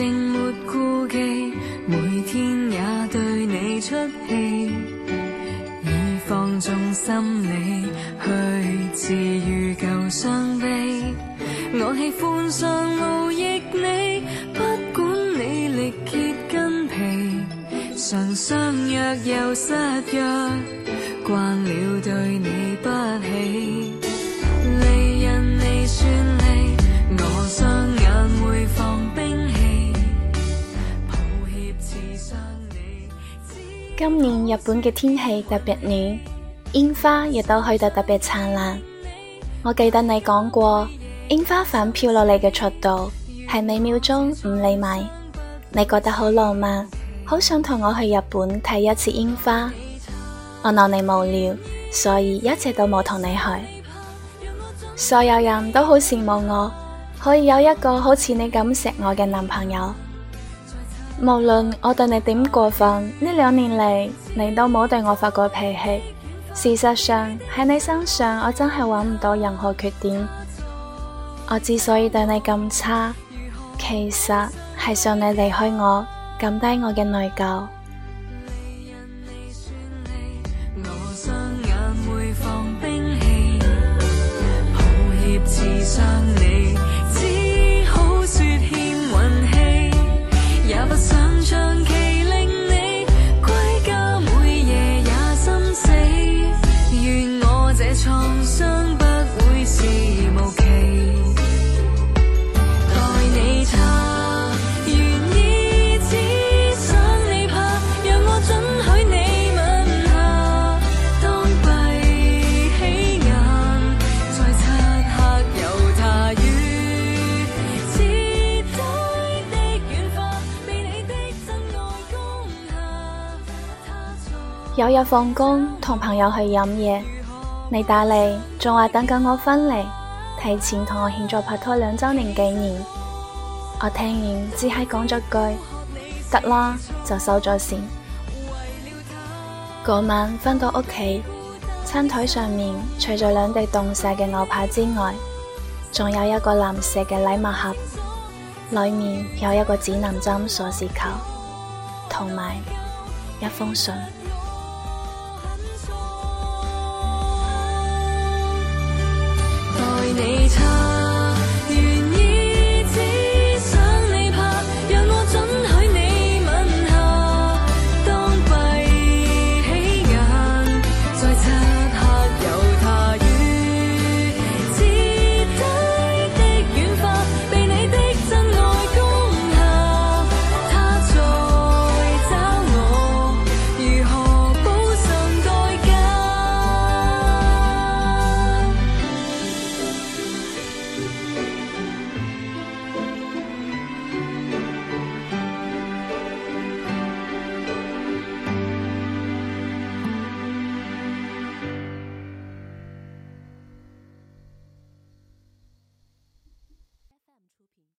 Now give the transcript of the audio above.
竟沒顧忌，每天也對你出氣，以放縱心理去治愈舊傷悲。我喜歡上奴役你，不管你力竭筋疲，常相約又失約，慣了對你不起。今年日本嘅天氣特別暖，櫻花亦都開得特別燦爛。我記得你講過，櫻花瓣飄落嚟嘅速度係每秒鐘五厘米，你覺得好浪漫，好想同我去日本睇一次櫻花。我鬧你無聊，所以一直都冇同你去。所有人都好羨慕我，可以有一個好似你咁錫我嘅男朋友。無論我對你點過分，呢兩年嚟你都冇對我發過脾氣。事實上喺你身上，我真係揾唔到任何缺點。我之所以對你咁差，其實係想你離開我，減低我嘅內疚。有日放工同朋友去飲嘢，你打嚟仲話等緊我返嚟，提前同我慶祝拍拖兩周年紀念。我聽完只係講咗句得啦，就收咗線。嗰晚返到屋企，餐台上面除咗兩碟凍晒嘅牛扒之外，仲有一個藍色嘅禮物盒，裏面有一個指南針、鎖匙扣，同埋一封信。